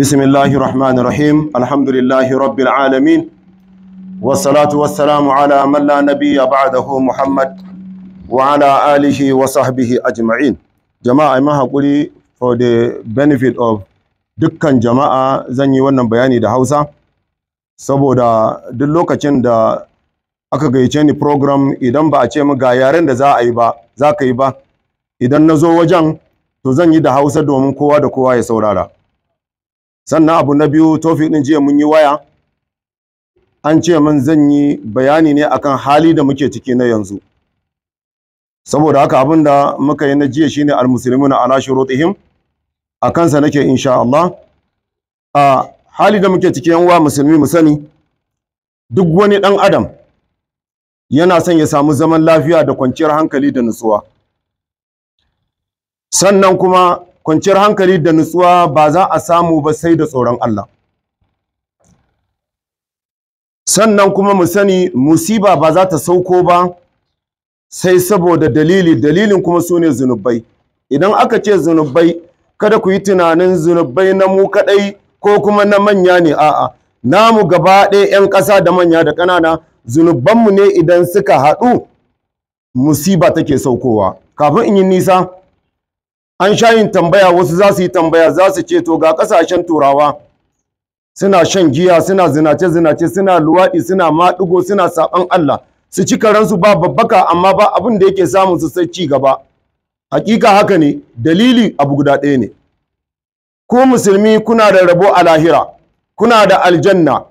بسم الله الرحمن الرحيم الحمد لله رب العالمين والصلاة والسلام على من لا نبي بعده محمد وعلى آله وصحبه أجمعين جماعة ما هقولي for the benefit of dukkan jama'a zan yi wannan bayani da Hausa saboda duk lokacin da aka gayyace ni program idan ba a ce mu ga yaren da za a yi ba za ka yi ba idan na zo wajen to zan yi da Hausa domin kowa da kowa ya saurara sannan abu na biyu tofi din jiya mun yi waya an ce min zan yi bayani ne akan hali da muke ciki na yanzu saboda haka abin da muka yi na jiya shine almuslimuna ala shurutihim a kansa nake insha Allah a hali da muke ciki yan uwa musulmi mu sani duk wani dan adam yana son ya samu zaman lafiya da kwanciyar hankali da nutsuwa sannan kuma kwanciyar hankali da nutsuwa ba za a samu ba sai da tsoron Allah sannan kuma mu sani musiba ba za ta sauko ba sai saboda dalili dalilin kuma su ne zunubai idan aka ce zunubai kada ku yi tunanin zunubai na mu kaɗai ko kuma na manya ne a'a namu gaba ɗaya 'yan ƙasa da manya da ƙanana zunubanmu ne idan suka haɗu musiba take saukowa kafin in yi nisa an sha yin tambaya wasu za su yi tambaya za su ce to ga ƙasashen turawa suna shan giya suna zinace zinace suna luwaɗi suna maɗigo suna saɓan Allah su ci karansu ba babbaka amma ba abin da yake samun su sai ci gaba hakika haka ne dalili abu guda ɗaya ne ku musulmi kuna da rabo a lahira kuna da aljanna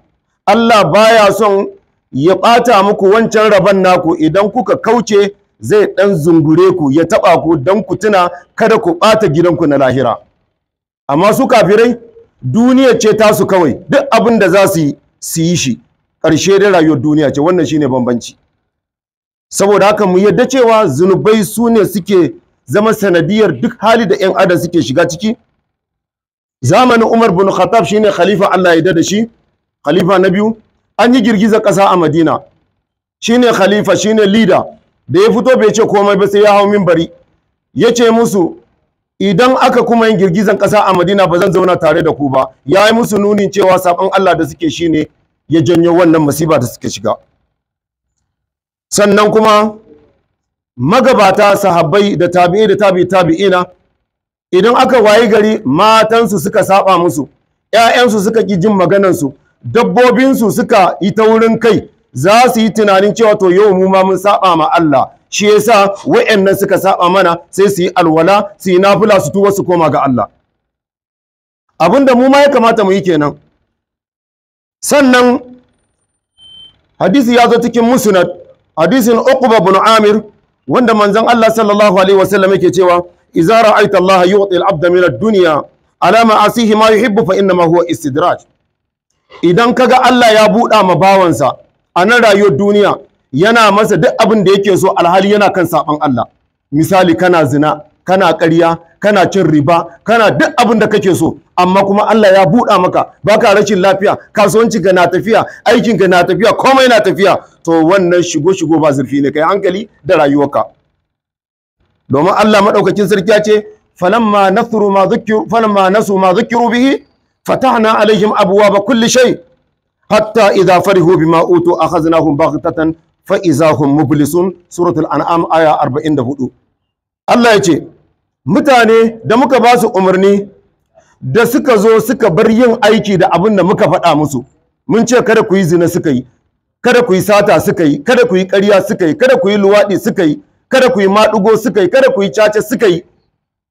Allah baya son ya ɓata muku wancan rabon naku idan kuka kauce zai ɗan zungure ku ya taɓa ku don ku tuna kada ku ɓata gidanku na lahira amma su kafirai duniya ce tasu kawai duk abin da za su yi shi ƙarshe da rayuwar duniya ce wannan shine bambanci saboda haka mu yadda cewa zunubai su ne suke zama sanadiyar duk hali da 'yan adam suke shiga ciki zamanin umar bin khattab shine khalifa allah ya da shi khalifa na biyu an yi girgizar ƙasa a madina shine khalifa shine leader da ya fito bai ce komai ba sai ya hau minbari ya ce musu idan aka kuma yin girgizan ƙasa a madina ba zan zauna tare da ku ba ya yi musu nunin cewa sabon allah da suke shi ne ya janyo wannan masiba da suke shiga sannan kuma magabata sahabbai da tabi'i da tabi'i tabi'ina idan aka wayi gari matansu suka saba musu 'ya'yansu suka ƙi jin maganansu dabbobinsu suka yi taurin kai za su yi tunanin cewa to yau mu ma mun saba ma Allah shi yasa wayannan suka saba mana sai su yi alwala su yi nafila su tuba su koma ga Allah abinda mu ma ya kamata mu yi kenan sannan hadisi ya zo cikin musnad hadisin uqba ibn amir wanda manzon Allah sallallahu alaihi wasallam yake cewa idza ra'aita Allah yu'ti al-abda min ad-dunya ala ma asihi ma yuhibbu fa inna ma huwa istidraj idan kaga Allah ya buɗa ma bawansa a nan rayuwar duniya yana masa duk abin da yake so alhali yana kan saban Allah misali kana zina kana ƙarya kana cin riba kana duk abin da kake so amma kuma Allah ya buɗa maka baka rashin lafiya kasuwanci ga na tafiya aikin ga na tafiya komai na tafiya to wannan shigo shigo ba zurfi ne kai hankali da rayuwarka domin Allah madaukakin sarki ya ce falamma nasu ma zukiru bihi fatahna alaihim abwaaba kulli shay' hatta idza farihu bima utu akhaznahum baghtatan fa idza hum mublisun suratul an'am aya 44 Allah yace mutane da muka ba su umarni da suka zo suka bar yin aiki da abin da muka faɗa musu mun ce kada ku yi zina suka yi kada ku yi sata suka yi kada ku yi ƙarya suka yi kada ku yi luwaɗi suka yi kada ku yi maɗugo suka yi kada ku yi caca suka yi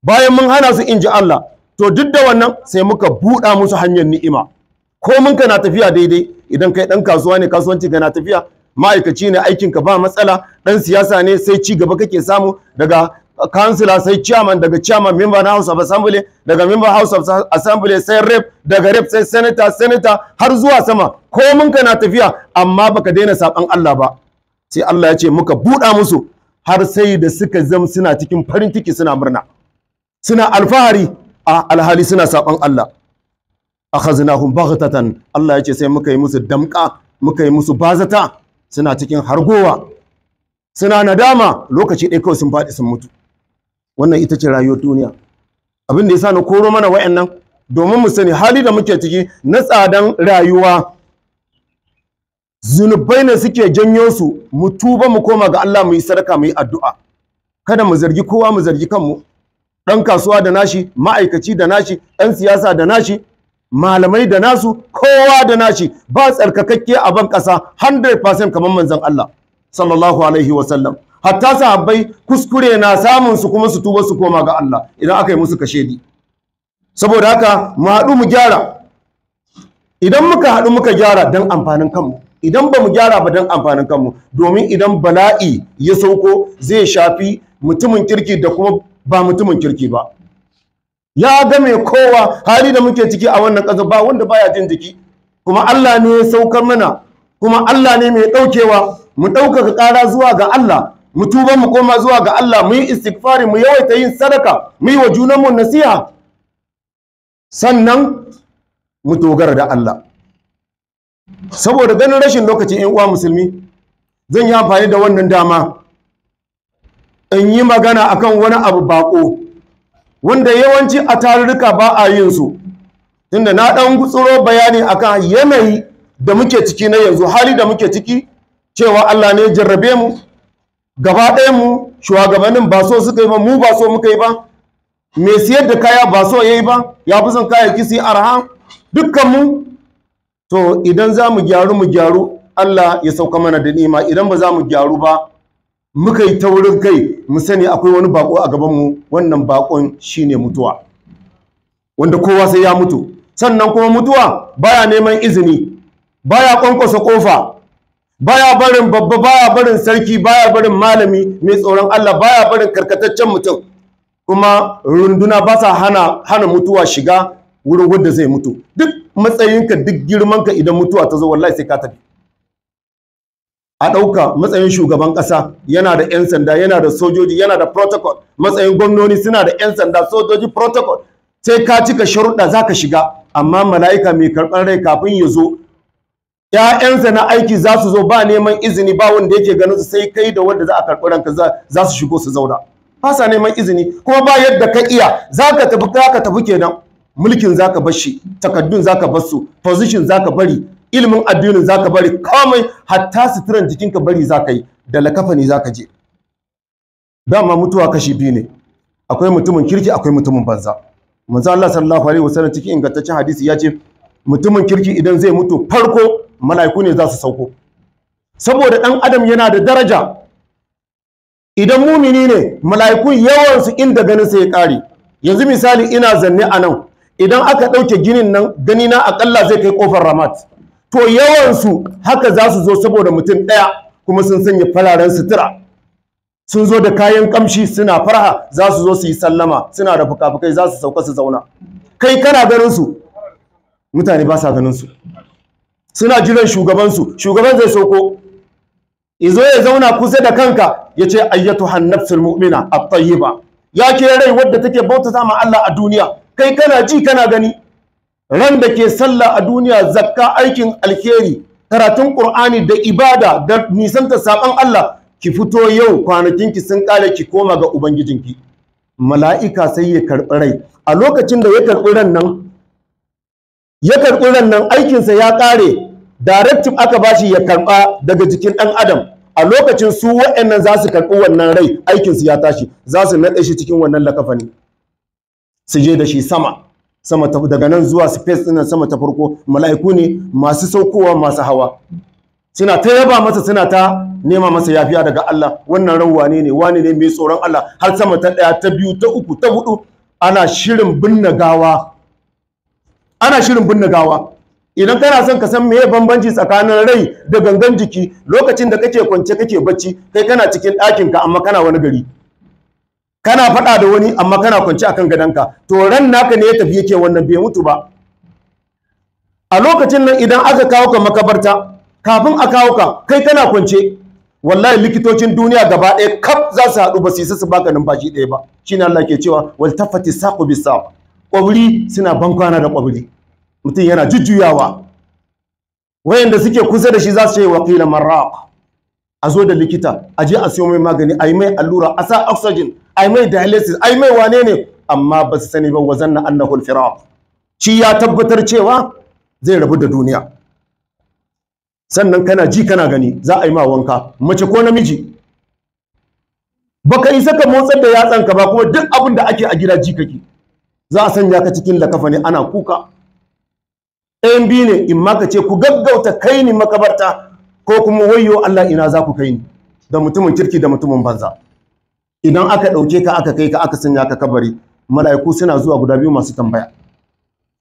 bayan mun hana su inji Allah to duk da wannan sai muka buɗa musu hanyar ni'ima komin ka na tafiya daidai idan kai dan kasuwa ne kasuwanci ka na tafiya ma'aikaci ne aikin ka ba matsala dan siyasa ne sai ci gaba kake samu daga kansila sai chairman daga chairman member na house of assembly daga member house of assembly sai rep daga rep sai senator senator har zuwa sama komin ka na tafiya amma baka daina saban Allah ba sai Allah ya ce muka buɗa musu har sai da suka zama suna cikin farin ciki suna murna suna alfahari a alhali suna saɓan Allah akhaznahum baghtatan Allah ya ce sai muka yi musu damka muka yi musu bazata suna cikin hargowa suna nadama lokaci ɗaya kawai sun faɗi sun mutu wannan ita ce rayuwar duniya abin da yasa na koro mana wayannan domin mu sani hali da muke ciki na tsadan rayuwa zunubai ne suke janyo su mu tuba mu koma ga Allah mu yi sadaka mu yi addu'a kada mu zargi kowa mu zargi kanmu dan kasuwa da nashi ma'aikaci da nashi dan siyasa da nashi malamai da nasu kowa da nashi ba tsarkakakke a ban ƙasa 100% kamar manzon Allah sallallahu alaihi wa sallam hatta sahabbai kuskure na samun su kuma su tuba su koma ga Allah idan aka yi musu kashedi saboda haka mu haɗu mu gyara idan muka haɗu muka gyara don amfanin kanmu idan ba mu gyara ba don amfanin kanmu domin idan bala'i ya sauko zai shafi mutumin kirki da kuma ba mutumin kirki ba ya ga mai kowa hali da muke ciki a wannan ƙasa ba wanda baya jin jiki kuma Allah ne ya saukar mana kuma Allah ne mai ɗaukewa mu ɗaukaka ƙara zuwa ga Allah mu tuba mu koma zuwa ga Allah mu yi istighfari mu yawaita yin sadaka mu yi wa junanmu nasiha sannan mu dogara da Allah saboda ganin rashin lokaci in uwa musulmi zan yi amfani da wannan dama in yi magana akan wani abu baƙo. wanda yawanci a tarurruka ba a yin su tunda na ɗan gutsuro bayani akan yanayi da muke ciki na yanzu hali da muke ciki cewa Allah ne jarrabe mu gaba ɗaya mu shugabannin ba so suka yi ba mu ba so muka yi ba mai siyar da kaya ba so ya yi ba ya fi son kaya su arha dukkan mu. to idan za mu gyaru mu gyaru Allah ya sauka mana da nima idan ba za mu gyaru ba muka yi taurin kai mu sani akwai wani bako a gaban mu wannan bakon shine mutuwa wanda kowa sai ya mutu sannan kuma mutuwa baya neman izini baya kwankwasa kofa baya barin babba baya barin sarki baya barin malami mai tsoron Allah baya barin karkataccen mutum kuma runduna ba sa hana hana mutuwa shiga wurin wanda zai mutu duk matsayinka duk girmanka idan mutuwa ta zo wallahi sai ka tafi a ɗauka matsayin shugaban ƙasa yana da 'yan sanda yana da sojoji yana da protocol matsayin gwamnoni suna da 'yan sanda sojoji protocol sai ka cika sharuɗa za ka shiga amma mala'ika mai karɓar rai kafin ya zo ‘ya'yansa na aiki za su zo ba neman izini ba wanda yake ganin su sai kai da wanda za a karɓi ranka za su shigo su zauna ba sa neman izini kuma ba yadda ka iya za ka tafi ka tafi kenan mulkin za ka bar shi takaddun za ka bar su position za ka bari ilimin addinin zaka bari komai hatta suturan jikinka bari zaka yi da lakafani zaka je dama mutuwa kashi biyu ne akwai mutumin kirki akwai mutumin banza manzo Allah sallallahu alaihi wasallam cikin ingantaccen hadisi ya ce mutumin kirki idan zai mutu farko mala'iku ne za su sauko saboda ɗan adam yana da daraja idan mumini ne mala'iku yawan su inda ganin sa ya kare yanzu misali ina zanne a nan idan aka ɗauke ginin nan ganina akalla zai kai kofar ramat to yawansu haka za su zo saboda mutum ɗaya kuma sun sanya fararen sutura sun zo da kayan kamshi suna farha za su zo su yi sallama suna da fukafukai za su sauka su zauna kai kana ganin mutane ba sa ganin suna jiran shugabansu shugaban zai sauko izo ya zauna kusa da kanka ya ce ayyatu hannafsul mu'mina at-tayyiba ya ke rai wadda take bautata ma Allah a duniya kai kana ji kana gani ran da ke sallah a duniya zakka aikin alheri karatun qur'ani da ibada da nisanta saban Allah ki fito yau kwanakinki sun kare ki koma ga ubangijinki mala'ika sai ya karɓi rai a lokacin da ya karɓi ran nan ya karɓi ran nan aikinsa ya kare directive aka bashi ya karɓa daga jikin ɗan adam a lokacin su wa'annan za su karɓi wannan rai aikinsu ya tashi za su naɗe shi cikin wannan lakafani su je da shi sama sama ta daga nan zuwa space ɗin sama ta farko mala'iku ne masu saukowa masu hawa suna ta yaba masa suna ta nema masa yafiya daga Allah wannan ran wane ne wane ne mai tsoron Allah har sama ta ɗaya ta biyu ta uku ta hudu ana shirin binne gawa ana shirin binne gawa idan kana son ka san meye bambanci tsakanin rai da gangan jiki lokacin da kake kwance kake bacci kai kana cikin ɗakinka amma kana wani gari kana faɗa da wani amma kana kwanci akan ka, to ran naka ne ya tafi yake wannan bai mutu ba a lokacin nan idan aka kawo ka makabarta kafin a kawo ka kai kana kwance wallahi likitocin duniya gaba ɗaya kaf za su haɗu ba su isa su baka numfashi ɗaya ba shine Allah ke cewa wal tafati saqu bis saq kwabri suna bankwana da kwabri mutum yana jujjuyawa wayanda suke kusa da shi za su ce waqila marraq a zo da likita a je a siyo mai magani a yi mai allura a sa oxygen ai mai dialysis ai mai wane ne amma ba su sani ba wazan na al firaq shi ya tabbatar cewa zai rabu da duniya sannan kana ji kana gani za a yi ma wanka mace ko namiji baka isa ka motsar da yatsan ka ba kuma duk abin da ake a gida ji kake za a sanya ka cikin lakafa ne ana kuka ɗayan biyu ne in ma ka ce ku gaggauta kai ni makabarta ko kuma wayo Allah ina za ku kai ni da mutumin kirki da mutumin banza idan aka ɗauke ka aka kai ka aka sanya ka kabari mala'iku suna zuwa guda biyu masu tambaya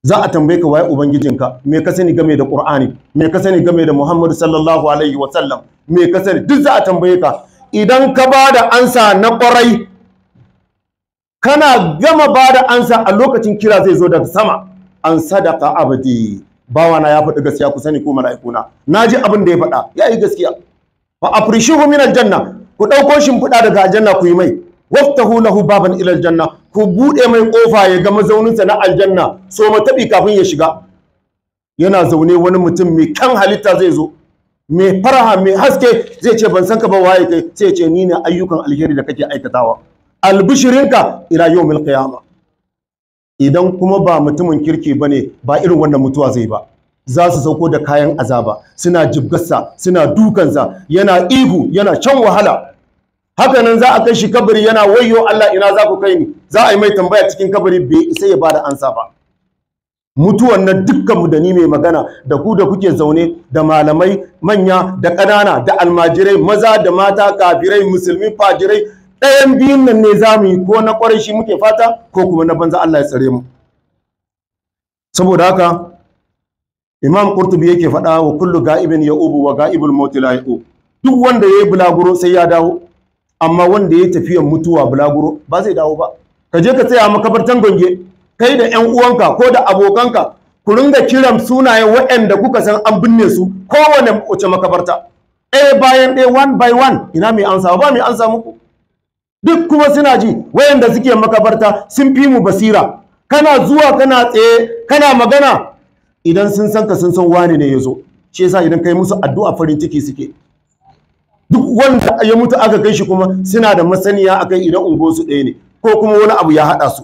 za a tambaye ka waye ubangijinka me ka sani game da qur'ani me ka sani game da muhammadu sallallahu alaihi wa sallam me ka sani duk za a tambaye ka idan ka ba da ansa na ƙwarai kana gama ba da ansa a lokacin kira zai zo daga sama an sadaka abdi bawana ya faɗi gaskiya ku sani ko mala'ikuna naji abin da ya faɗa Ya yi gaskiya fa afrishuhu min aljanna ku ɗauko shimfiɗa daga aljanna ku yi mai waftahu lahu baban ila aljanna ku buɗe mai ƙofa ya ga mazauninsa na aljanna so mataɓi kafin ya shiga yana zaune wani mutum mai kan halitta zai zo mai faraha mai haske zai ce ban san ka ba waye kai sai ce ni ne ayyukan alheri da kake aikatawa albishirinka ila yawmil qiyama idan kuma ba mutumin kirki bane ba irin wannan mutuwa zai ba za su sauko da kayan azaba suna jibgarsa suna dukansa yana ihu yana can wahala haka nan za a kai shi kabari yana wayo Allah ina za ku kai ni za a yi mai tambaya cikin kabari bai isa ya bada ansa ba mutuwan nan dukkanmu da ni mai magana da ku da kuke zaune da malamai manya da ƙanana da almajirai maza da mata kafirai musulmi fajirai ɗayan biyun nan ne za mu yi ko na ƙwarai shi muke fata ko kuma na banza Allah ya tsare mu saboda haka imam kurtubi yake faɗa wa kullu ga'ibin ya'ubu wa ga'ibul maut la ya'u duk wanda yayi bulaguro sai ya dawo amma wanda yayi tafiyar mutuwa bulaguro ba zai dawo ba ka je ka tsaya makabartan gonge kai da ƴan uwanka ko da abokanka ku ringa kiran sunayen waɗanda kuka san an binne su kowane wace makabarta eh bayan ɗaya one by one ina mai ansa ba mai ansa muku duk kuma suna ji wayanda suke makabarta sun fi mu basira kana zuwa kana tsaye kana magana idan sun san ka sun san wani ne ya zo shi yasa idan kai musu addu'a farin ciki suke duk wanda ya mutu aka kai shi kuma suna da masaniya akan idan su ɗaya ne ko kuma wani abu ya haɗa su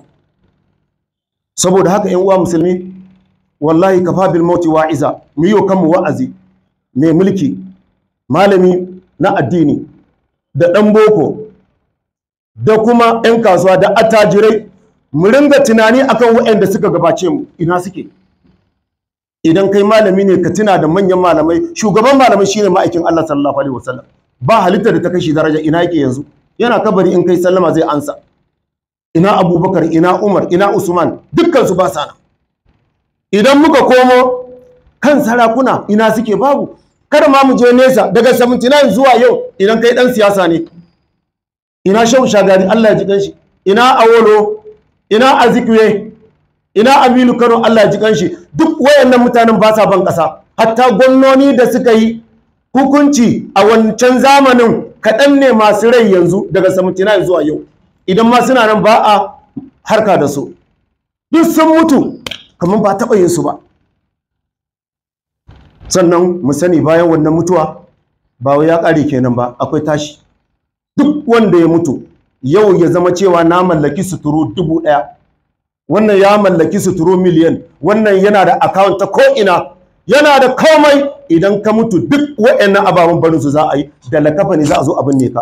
saboda haka yan uwa musulmi wallahi kafa bil mauti wa'iza mu yi kanmu wa'azi mai mulki malami na addini da ɗan boko da kuma 'yan kasuwa da attajirai mu ringa tunani akan waɗanda suka gabace mu ina suke idan kai malami ne ka tuna da manyan malamai shugaban malamai shine ma'aikin Allah sallallahu alaihi wasallam ba halitta da ta kashi daraja ina yake yanzu yana kabari in kai sallama zai ansa ina Abubakar ina Umar ina Usman dukkan su ba sana idan muka komo kan sarakuna ina suke babu kada ma mu je nesa daga 79 zuwa yau idan kai dan siyasa ne ina Shehu Shagari Allah ya ji shi ina Awolo ina azikwe ina aminu kano allah ji kanshi duk wayannan mutanen ba sa ban ƙasa hatta gwamnoni da suka yi hukunci a wancan zamanin kaɗan ne masu rai yanzu daga 79 zuwa yau idan ma suna nan ba a harka da su duk sun mutu kamar ba taɓa yin su ba sannan mu sani bayan wannan mutuwa ba wai ya ƙare kenan ba akwai tashi duk wanda ya mutu yau ya zama cewa na mallaki suturu dubu ɗaya wannan ya mallaki suturu miliyan wannan yana da account ta ko'ina yana da komai idan ka mutu duk wa'annan ababen barin su za a yi da lakafa ne za a zo abin ne ka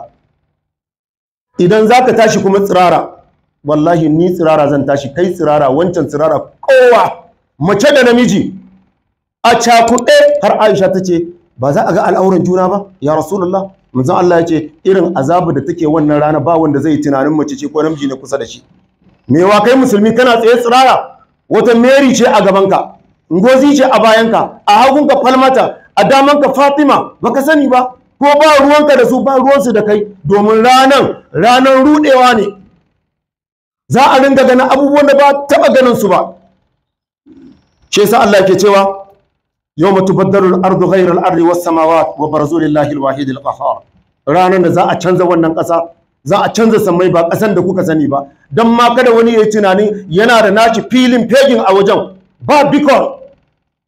idan za ka tashi kuma tsirara wallahi ni tsirara zan tashi kai tsirara wancan tsirara kowa mace da namiji a cakuɗe har aisha ta ce ba za a ga al'auran juna ba ya rasulullah manzon Allah ya ce irin azabu da take wannan rana ba wanda zai tunanin mace ce ko namiji ne kusa da shi mewa kai musulmi kana tsaye tsirara wata meri ce a gabanka ngozi ce a bayanka a hagunka falmata a damanka fatima baka sani ba ko ba ruwanka da su ba ruwansu da kai domin ranan ranan rudewa ne za a ringa ganin abubuwan da ba taba ganin su ba shi sa Allah ke cewa yau tubaddalu al-ardu ghayra al-ardi was samawati wa barazu lillahi al-wahid al-qahhar ranan da za a canza wannan ƙasa. za a canza samai ba ƙasan da kuka sani ba don ma kada wani ya yi tunanin yana da naci filin fegin a wajen ba bikon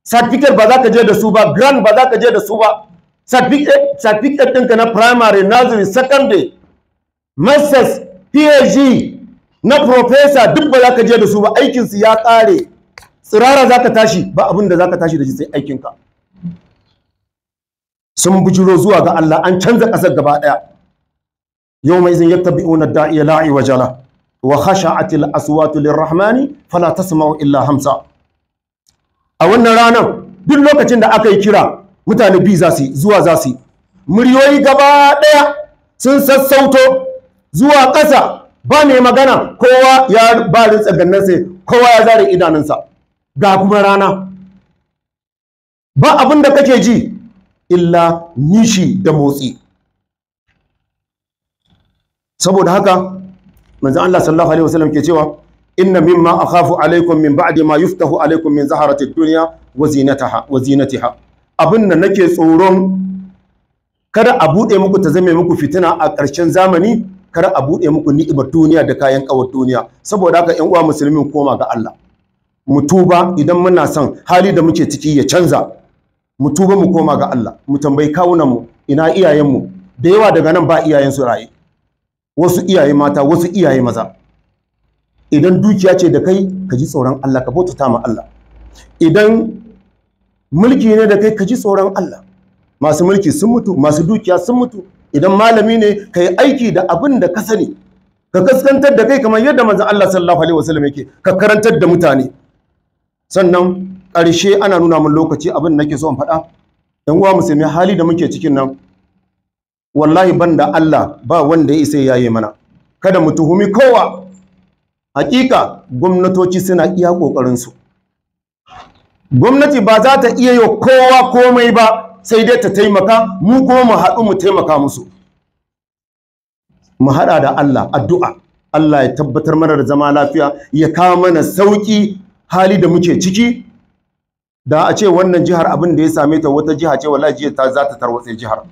sadfikar ba za ka je da su ba grand ba za ka je da su ba sadfikar ɗinka na primary nursery secondary masters phd na professor duk ba za ka je da su ba aikinsu ya ƙare tsirara za ka tashi ba abin da za ka tashi da shi sai aikinka sun bujiro zuwa ga Allah an canza ƙasar gaba ɗaya yawma idhin yattabi'una da'iya la'i jala wa khasha'atil aswatu lirrahmani fala tasma'u illa hamsa a wannan ranar duk lokacin da aka yi kira mutane bi za su zuwa za su muryoyi gaba daya sun sassauto zuwa ƙasa ba mai magana kowa ya ba rinsa sai kowa ya zare idanunsa ga kuma rana ba abin da kake ji illa nishi da motsi saboda haka manzan Allah sallallahu alaihi wasallam ke cewa inna mimma kafu alaikum min ba'adi ma yuftahu alaikum min zaharatun duniya wa zinatiha abin da nake tsoron kada a buɗe muku ta zame muku fitina a ƙarshen zamani kada a bude muku ni'imar duniya da kayan ƙawar duniya saboda haka ƴan uwa musulmin koma ga Allah mu tuba idan muna son hali da muke ciki ya canza mu tuba mu koma ga Allah mu tambayi kawunanmu, ina iyayenmu, da yawa daga nan ba iyayen su raye wasu iyaye mata wasu iyaye maza idan dukiya ce da kai ka ji tsoron Allah ka bautata ma Allah idan mulki ne da kai ka ji tsoron Allah masu mulki sun mutu masu dukiya sun mutu idan malami ne ka yi aiki da abin da ka sani ka kaskantar da kai kamar yadda manzon Allah sallallahu alaihi wasallam yake ka karantar da mutane sannan ƙarshe ana nuna min lokaci abin da nake so in faɗa ɗan uwa musulmi hali da muke cikin nan wallahi banda Allah ba wanda ya isa yayi mana kada mu tuhumi kowa hakika gwamnatoci suna iya kokarin su gwamnati ba za ta iya yi kowa komai ba sai dai ta taimaka mu kuma mu haɗu mu taimaka musu mu haɗa da Allah addu'a Allah ya tabbatar mana da zama lafiya ya kawo mana sauƙi hali da muke ciki da a ce wannan jihar abin da ya same ta wata jiha ce wallahi jiya ta za ta tarwatse jihar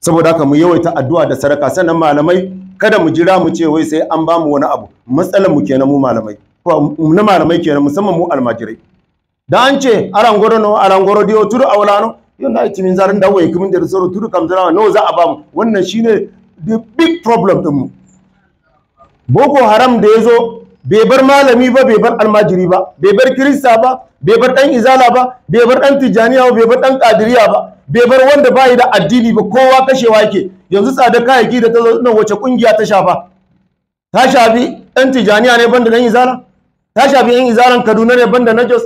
saboda haka mu yawaita addu'a da sadaka sannan malamai kada mu jira mu ce wai sai an bamu wani abu matsalar mu kenan mu malamai na malamai kenan musamman mu almajirai da an ce arangoro no arangoro dio turu awlano yana iti min zarin dawo yakimin da soro turu kamzara no za a mu? wannan shine the big problem din mu boko haram da yazo bai bar malami ba bai bar almajiri ba bai bar kirista ba bai bar dan izala ba bai bar dan tijaniya ba bai bar dan kadiriya ba bai bar wanda bai da addini ba kowa kashewa yake yanzu tsada kayayyaki da ta zo nan wace kungiya ta shafa ta shafi dan tijaniya ne banda dan izala ta shafi yan izalan Kaduna ne banda na Jos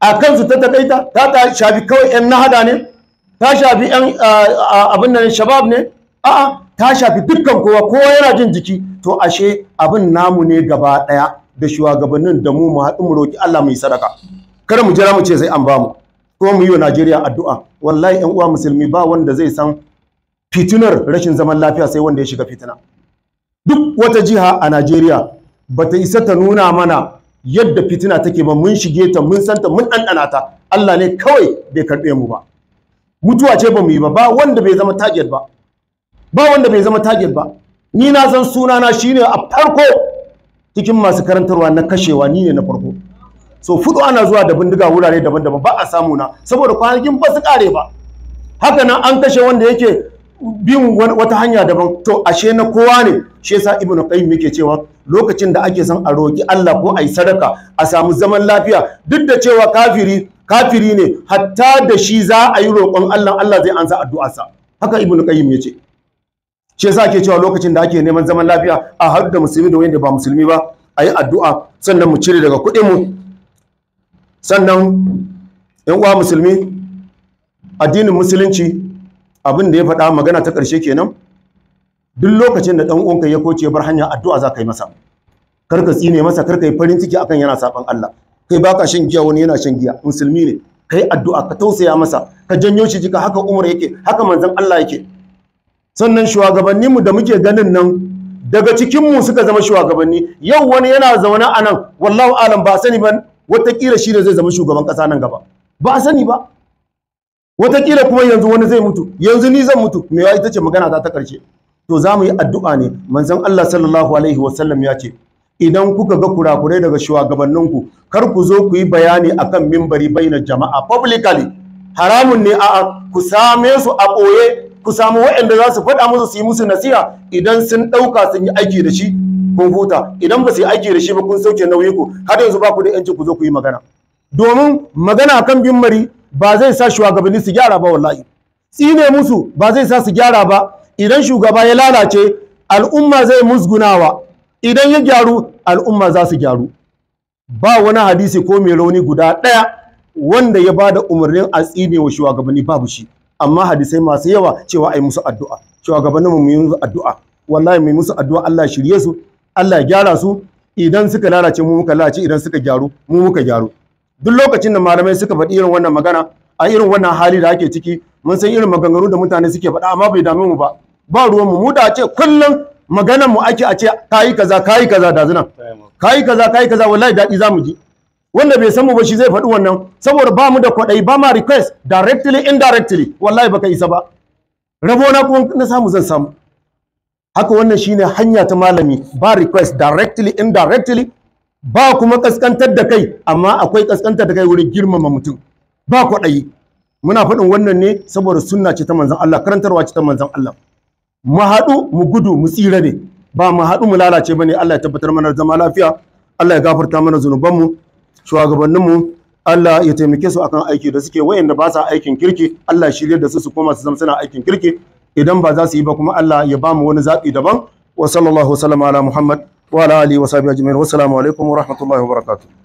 a kansu ta takaita ta ta shafi kawai yan nahada ne ta shafi yan abin nan shabab ne a'a ta shafi dukkan kowa kowa yana jin jiki to ashe abin namu ne gaba ɗaya da shugabannin da mu mu haɗu mu roki Allah mu yi sadaka Kar mu jira mu ce sai an ba mu ko mu yi wa Najeriya addu'a wallahi ƴan uwa musulmi ba wanda zai san fitinar rashin zaman lafiya sai wanda ya shiga fitina duk wata jiha a Najeriya bata isa ta nuna mana yadda fitina take ba mun shige ta mun santa mun ɗanɗana ta Allah ne kawai bai karɓe mu ba mutuwa ce ba mu yi ba ba wanda bai zama target ba ba wanda bai zama target ba ni na san sunana shine a farko cikin masu karantarwa na kashewa ni ne na farko so fudu ana zuwa da bindiga wurare daban-daban ba a samu na saboda kwanakin ba su kare ba haka nan an kashe wanda yake bin wata hanya daban to ashe na kowa ne shi yasa ibnu qayyim yake cewa lokacin da ake son a roki Allah ko ayi sadaka a samu zaman lafiya duk da cewa kafiri kafiri ne hatta da shi za a yi roƙon Allah Allah zai ansa addu'arsa haka ibnu qayyim yace shi yasa ake cewa lokacin da ake neman zaman lafiya a haɗu da musulmi da wanda ba musulmi ba a yi addu'a sannan mu cire daga kuɗin mu sannan yan uwa musulmi addinin musulunci abin da ya faɗa magana ta ƙarshe kenan duk lokacin da ɗan uwanka ya koce bar hanya addu'a za ka yi masa kar ka tsine masa kar ka yi farin ciki akan yana saban Allah kai baka shan giya wani yana shan giya musulmi ne kai addu'a ka tausaya masa ka janyo shi jika haka umar yake haka manzon Allah yake sannan shugabanninmu da muke ganin nan daga cikinmu suka zama shugabanni yau wani yana zaune a nan wallahu alam ba sani ba watakila shi ne zai zama shugaban ƙasa nan gaba ba a sani ba watakila kuma yanzu wani zai mutu yanzu ni zan mutu mewa ita ce magana ta ta ƙarshe to za mu yi addu'a ne manzon Allah sallallahu alaihi wasallam ya ce idan kuka ga kurakurai daga shugabanninku kar ku zo ku yi bayani akan mimbari bainar jama'a publicly haramun ne a ku same su a ɓoye ku samu waɗanda za su faɗa musu su yi musu nasiha idan sun ɗauka sun yi aiki da shi kun huta idan ba su yi aiki da shi ba kun sauke nauyi ku har yanzu ba ku da yanci ku zo ku yi magana domin magana kan bin mari ba zai sa shugabanni su gyara ba wallahi tsine musu ba zai sa su gyara ba idan shugaba ya lalace al'umma zai musgunawa idan ya gyaru al'umma za su gyaru ba wani hadisi ko mai rauni guda ɗaya wanda ya ba da umarnin a tsinewa wa shugabanni babu shi amma hadisai masu yawa cewa ai musu addu'a cewa gabanin mu yi musu addu'a wallahi mu yi musu addu'a Allah shirye su Allah ya gyara su idan suka lalace mu muka lalace idan suka gyaru mu muka gyaru duk lokacin da malamai suka faɗi irin wannan magana a irin wannan hali da ake ciki mun san irin maganganu da mutane suke faɗa amma bai dame mu ba ba ruwan mu mu da ce kullum maganan mu ake a ce kayi kaza kayi kaza da zina kayi kaza kayi kaza wallahi daɗi zamu ji wanda bai san mu ba shi zai faɗi wannan saboda ba mu da kwaɗayi ba ma request directly indirectly wallahi baka isa ba rabo na kuma na samu zan samu haka wannan shine hanya ta malami ba request directly indirectly ba kuma kaskantar da kai amma akwai kaskantar da kai wurin girmama mutum ba kwaɗayi muna faɗin wannan ne saboda sunna ce ta manzon Allah karantarwa ce ta manzon Allah mu haɗu mu gudu mu tsira ne ba mu haɗu mu lalace bane Allah ya tabbatar mana zama lafiya Allah ya gafarta mana zunubanmu shugabanninmu Allah ya taimake su akan aiki da suke wayanda ba sa aikin kirki Allah shi da su su koma su zama suna aikin kirki idan ba za su yi ba kuma Allah ya ba mu wani zaɓi daban wa sallallahu ala Muhammad wa ala alihi wa sahbihi ajma'in wa assalamu alaikum wa rahmatullahi wa barakatuh